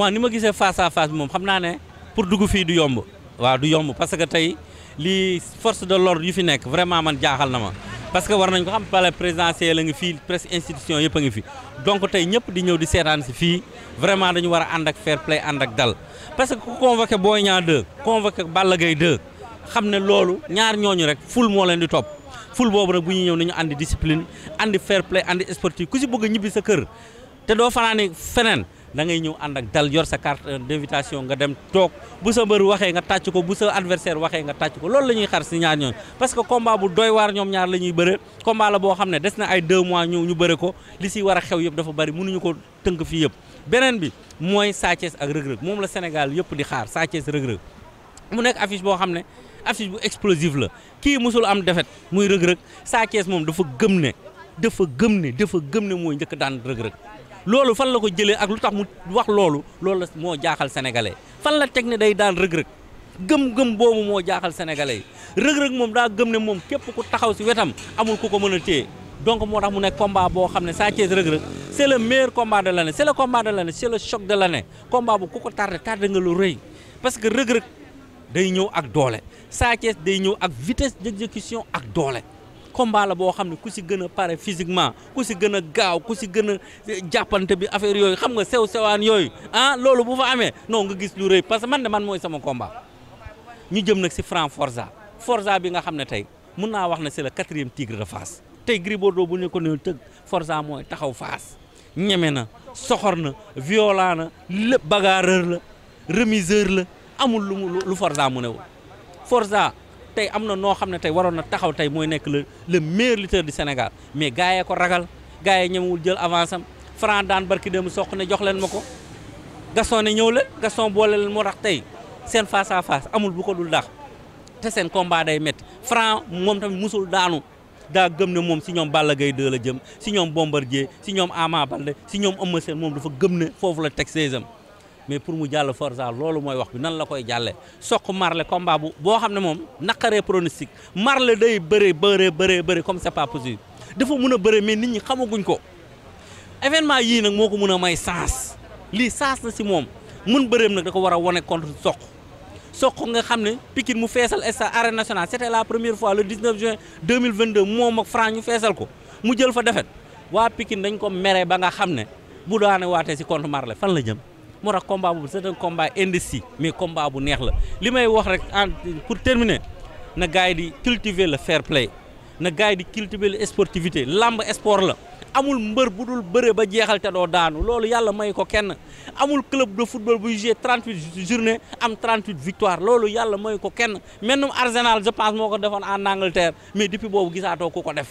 waa ni ma gisee face à face bi moom xam naa ne pour dugg fii du yomb waaw du yomb parce que tey lii force de l'ordre yu fi nekk vraiment man jaaxal na ma parce que war nañ ko xam palais présidentiel la ngi fii presse institution yëpp ngi fi donc tey ñëpp di ñëw di seetaan si fii vraiment dañu war a ànd ak fair play ànd ak dal parce que ku convoqué Boy Niang 2 convoqué Balla Gaye 2 xam ne loolu ñaar ñooñu rek ful moo leen di topp ful boobu nag bu ñu ñëw nañu àndi discipline àndi fair play àndi sportif ku si bëgg ñibbi sa kër te doo fanaani da ngay ñëw ànd ak dal yor sa carte d'invitation nga dem toog bu sa mbër waxee nga tàcc ko bu sa adversaire waxee nga tàcc ko loolu la ñuy xar si ñaar ñooñu parce que combat bu doy waar ñoom ñaar la ñuy bëre combat la boo xam ne des na ay deux mois ñëw ñu bëre ko li si war a xew yëpp dafa bari mënuñu ko tënk fii yëpp beneen bi mooy Sa Thiès ak Reug Reug moom la Sénégal yëpp di xaar Sa Thiès Reug mu nekk affiche boo xam ne affiche bu explosive la kii mosul am defet muy Reug Reug moom dafa gëm ne dafa gëm ne dafa gëm ne mooy njëkk daan Reug loolu fan la ko jëlee ak lu tax mu wax loolu loolu la moo jaaxal sénégalais fan la teg ne day daan rëg-rëg gëm-gëm boobu moo jaaxal sénégalais yi rëg-rëg moom daa gëm ne moom képp ku taxaw si wetam amul ku ko mën a téye donc moo tax mu nekk combat boo xam ne Sa Thiès rëg-rëg c' est le meilleur combat de l' année c' est le combat de l' année c' est le choc de l' ku ko tar tardé nga lu rëy parce que rëg-rëg day ñëw ak doole Sa day ñëw ak vitesse d' exécution ak doole combat la boo xam ne ku si gën a pare physiquement ku si gën a gaaw ku si gën a eh, jàppante bi affaire yooyu xam nga sew sewaan yooyu ah loolu bu fa amee non nga gis lu rëy parce que man de man mooy sama komba ñu jëm nag si franc Forza bi nga xam ne tey mun naa wax ne sele le tigr tigre de Fass tey Gris bu ñu ko néew tëgg Forza mooy taxaw Fass ñeme na soxor na violent na lépp bagarreur la remiseur la amul lu lu Forza mu newul Forza tey am na noo xam ne tey waroon na taxaw tey mooy nekk le le meilleur lutteur Sénégal mais gars yee ko ragal gars yi ñemewul jël avance am Franc daan barki dem soq jox leen ma ko Gaston ne ñëw leen Gaston boole leen moo tax tey seen face à face amul bu ko dul daax te seen combat day métti Franc moom tamit musul daanu daa gëm ne moom si ñoom Balla gay 2 la jëm si ñoom Bombardier si ñoom Ama Baldé si ñoom Eumeu Sène moom dafa gëm ne foofu la teg saisam mais pour mu jàll for Forza loolu mooy wax bi nan la koy jàllee soq Marley combat bu boo xam ne moom naqaree pronostic Marley day bëree bëree bëree bëri comme sa pas possible dafa mun a bëre mais nit ñi xamaguñ ko événement yii nag moo ko mun a may sens lii sens na si moom mun bëreem nag da ko war a wane contre soq soq nga xam ne Pikine mu feesal stade arène nationale c'était la première fois le 19 juin 2022 moom ak Franc ñu feesal ko mu jël fa defet waa Pikine dañ ko meree ba nga xam ne bu daane waatee si contre Marley fan la jëm. moo tax combat boobu c'est un mais combat bu neex la li may wax rek en pour terminer na gars yi di cultiver le fair play na gars yi di cultiver la sportivité làmb sport la amul mbër bu dul bëre ba jeexal te doo daanu loolu yàlla may ko kenn amul club de football buy joué 38 journée am 38 victoire loolu yàlla may ko kenn maintenant Arsenal je pense moo ko defoon en Angleterre mais depuis boobu gisaatoo ku ko def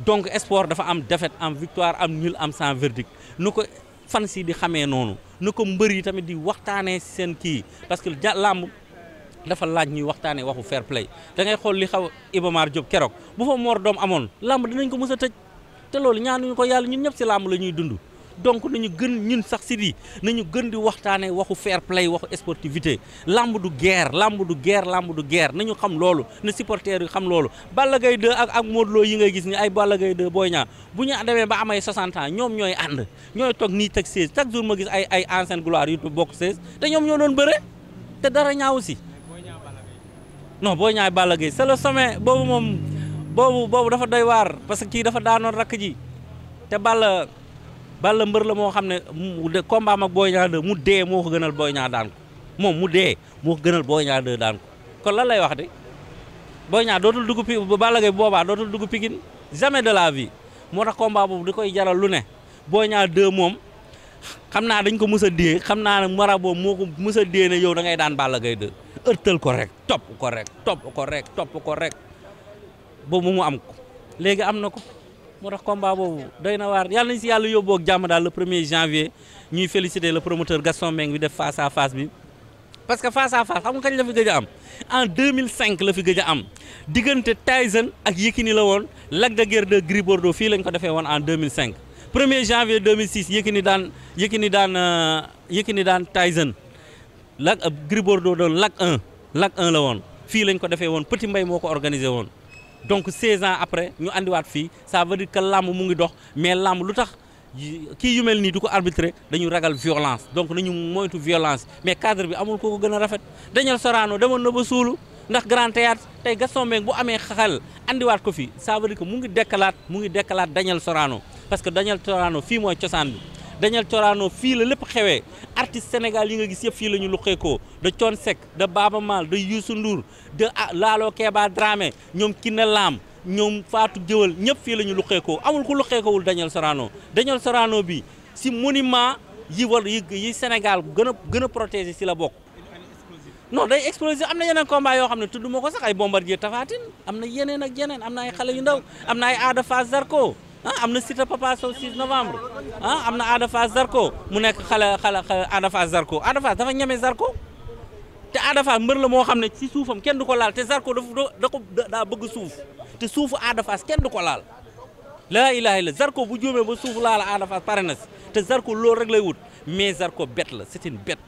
donc sport dafa am défaite am victoire am nul am sans verdict nu fan si di xamee noonu na ko mbër yi tamit di waxtaanee seen kii parce que ja làmb dafa laaj ñuy waxtaanee waxu fair play da ngay xool li xaw Iba Mar Diop keroog bu fa moor doom amoon làmb dinañ ko mës a tëj te loolu ñaanuñu ko yàlla ñun ñëpp si làmb la ñuy dund. donc nañu gën ñun sax si di nañu gën di waxtaanee waxu fair play waxu sportivité lamb du guerre làmb du guerre lamb du guerre nañu xam loolu na supporters yi xam loolu Balla Gaye 2 ak ak Modou yi ngay gis ni ay Balla Gaye 2 Boy Niang bu ñu demee ba amay 60 ans ñoom ñooy ànd ñooy toog nii teg 16 chaque jour ma gis ay ay ancienne gloire yu bokk 16 te ñoom ñoo doon bëre te dara ñaaw si non Boy Niang Balla Gaye c'est le boobu moom boobu boobu dafa doy waar parce que kii dafa daanoon rakk ji te Balla Balla mbër la moo xam ne mu combat am ak ñaa Niang mu dee moo ko gënal Boy Niang daan ko moom mu dee moo ko gënal Boy Niang 2 daan ko kon lan lay wax de Boy Niang dootul dugg pi Balla Gaye boobaa dootul dugg Pikine jamais de la vie moo tax combat boobu di koy jaral lu ne Boy Niang 2 moom xam naa dañ ko mës a dee xam naa ne mara boobu moo ko mës ne yow da ngay daan Balla Gaye 2 ërtal ko rek topp ko rek topp ko rek topp ko rek ba mu am ko léegi am na ko. moo tax combat boobu doy na waar yàlla nañ si yàlla yóbboo ak jàmm daal le premier janvier ñuy féliciter le promoteur Gaston Mbengue bi def face à face bi parce que face à xam nga kañ la fi gëj am en 2005 la fi gëj a am diggante Tyson ak Yékini la woon Lac de Guiers 2 Gris Bordeaux fii lañ ko defee woon en 2005 1er janvier 2006 Yékini daan Yékini daan euh, Yékini daan Tyson Lac euh, Gris Bordeaux doon Lac 1 Lac 1 la woon fii lañ ko defee woon Petit mbay moo ko organisé woon donc 16 ans après ñu andiwaat fii ça veut dire que làmb mu ngi dox mais làmb lu tax kii yu mel nii du ko arbitré dañu ragal violence donc nañu moytu violence mais cadre bi amul koo ko gën a rafet Daniel Sorano demoon na ba suulu ndax Grand Théâtre tey Gaston Mbengue bu amee xaxal andiwaat ko fii ça veut ko mu ngi dekkalaat mu ngi dekkalaat Daniel Sorano parce que Daniel Sorano fii mooy cosaan bi Daniel Sorano fii la lépp xewee artiste Sénégal yi nga gis yëpp fii la ñu luqeekoo de Thione Seck de Baba Maal de Youssou Ndour de ah, Lalo Keba Dramé ñoom na Lam ñoom faatu Guewel ñëpp fii la ñu luqeekoo amul ku luqeekoowul Daniel Sorano Daniel Sorano bi si monument yi war yi yi Sénégal gën a gën a protégé si la bokk no day explosé am na yeneen combat yoo xam ne tudd ma ko sax ay bombardier Tapha Tine am na yeneen ak yeneen am na ay xale yu ndaw am na ay aada Fass Zarko ah am na Siteu Papa Sow novembre ah am na Ada Fass Zarko mu nekk xale xale xale Zarko Ada dafa ñeme Zarko te Ada Fass mbër la moo xam ne ci suufam kenn du ko laal te Zarko dafa da ko daa bëgg suuf te suufu Ada Fass kenn du ko laal laa ilaaha illa Zarko bu juumee ba suuf laala Ada Fass pare na te Zarko loolu rek lay wut mais Zarko bet la c'est une bête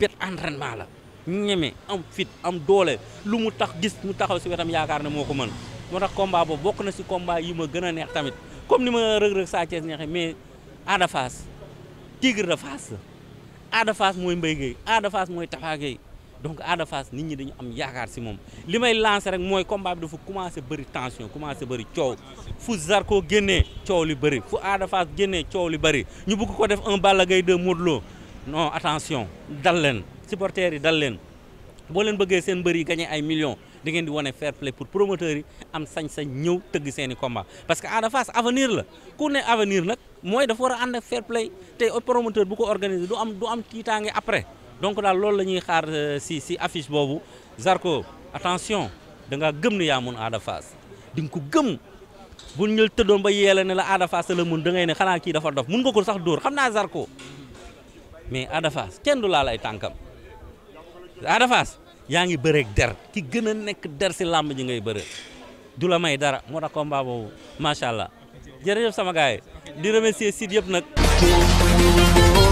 bête entraînement la ñeme am fit am doole lu mu tax gis mu taxaw si wetam yaakaar ne moo ko mën moo tax combat boobu bokk na si combat yi ma gën a neex tamit comme ni ma Reug Reug Sa Thiès neexee mais Ada Fass tigre de Fass Ada Fass mooy Mbaye Gueye Ada mooy Tapha Gueye donc Ada Fass nit ñi dañu am yaakaar si moom li may lancer rek mooy combat bi dafa commencé bëri tension commencé bëri coow fu Zarko génnee coow li bëri fu Ada Fass coow li bëri ñu bëgg ko def un Balla gay 2 Modou Lo non attention dal leen supporters yi dal leen boo leen bëggee seen mbër yi gagné ay millions da ngeen di wane fair play pour promoteurs am sañ-sañ ñëw tëgg seen i combat parce que Ada Fass avenir la ku ne avenir nag mooy dafa war a ànd ak fair play te promoteur bu ko organiser du am du am tiitaange après donc daal loolu la ñuy xaar euh, si si affiche boobu Zarko attention da nga gëm ne yaa mun Ada Fass di nga ko gëm bu ñu tëddoon ba yeele ne la Ada Fass la mun da ngay ne xanaa kii dafa dof mun nga ko sax dóor xam naa Zarko mais Ada Fass kenn du laal ay tànkam yaa ngi bëreeg der ki gën a nekk der si làmb ji ngay bëre du la may dara moo tax combat boobu macha allah jërëjëf sama gars yi di remercier site yëpp nag.